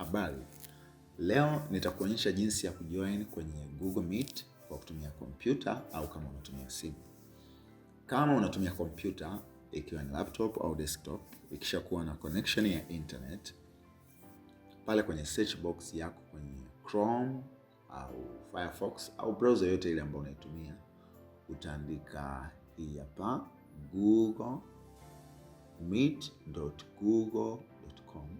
Habari, leo nitakuonyesha jinsi ya kujoin kwenye Google Meet kwa kutumia kompyuta au kama unatumia simu. Kama unatumia kompyuta ikiwa ni laptop au desktop, ikishakuwa na connection ya internet, pale kwenye search box yako kwenye Chrome au Firefox au browser yote ile ambayo unaitumia, utaandika hii hapa google meet.google.com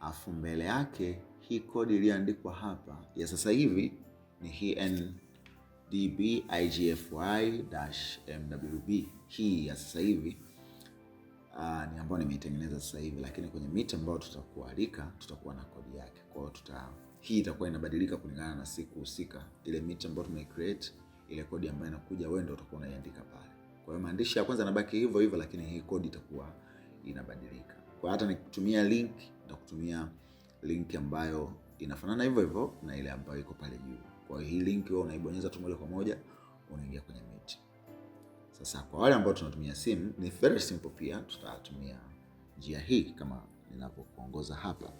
afu mbele yake hii kodi iliyoandikwa hapa ya sasa hivi ni hii NDB IGFY-MWB hii ya sasa hivi uh, ni ambayo nimeitengeneza sasa hivi, lakini kwenye mita ambayo tutakualika tutakuwa na kodi yake. Kwa hiyo tuta hii itakuwa inabadilika kulingana na siku husika, ile mita ambayo tumecreate, ile kodi ambayo inakuja wewe ndio utakuwa unaiandika pale. Kwa hiyo maandishi ya kwanza nabaki hivyo hivyo, lakini hii kodi itakuwa inabadilika. Kwa hata nikitumia link kutumia link ambayo inafanana hivyo hivyo na ile ambayo iko pale juu. Kwa hiyo hii link wewe unaibonyeza tu moja kwa moja unaingia kwenye Meet. Sasa kwa wale ambao tunatumia simu ni very simple, pia tutatumia njia hii kama ninavyokuongoza hapa.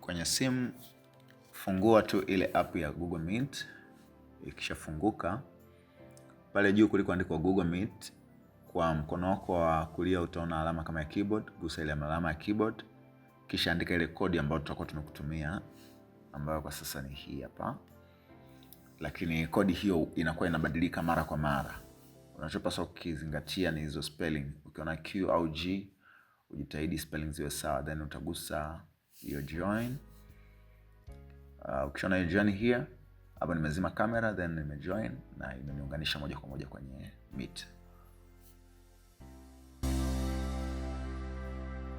Kwenye simu fungua tu ile app ya Google Meet. Ikishafunguka pale juu kulikoandikwa Google Meet kwa mkono wako wa kulia utaona alama kama ya keyboard, gusa ile alama ya keyboard kisha andika ile kodi ambayo tutakuwa tumekutumia ambayo kwa sasa ni hii hapa, lakini kodi hiyo inakuwa inabadilika mara kwa mara. Unachopaswa kukizingatia ni hizo spelling. Ukiona Q au G ujitahidi spelling ziwe sawa, then utagusa hiyo join. Uh, ukiona hiyo join here hapa, nimezima kamera then nimejoin na imeniunganisha moja kwa moja kwenye Meet.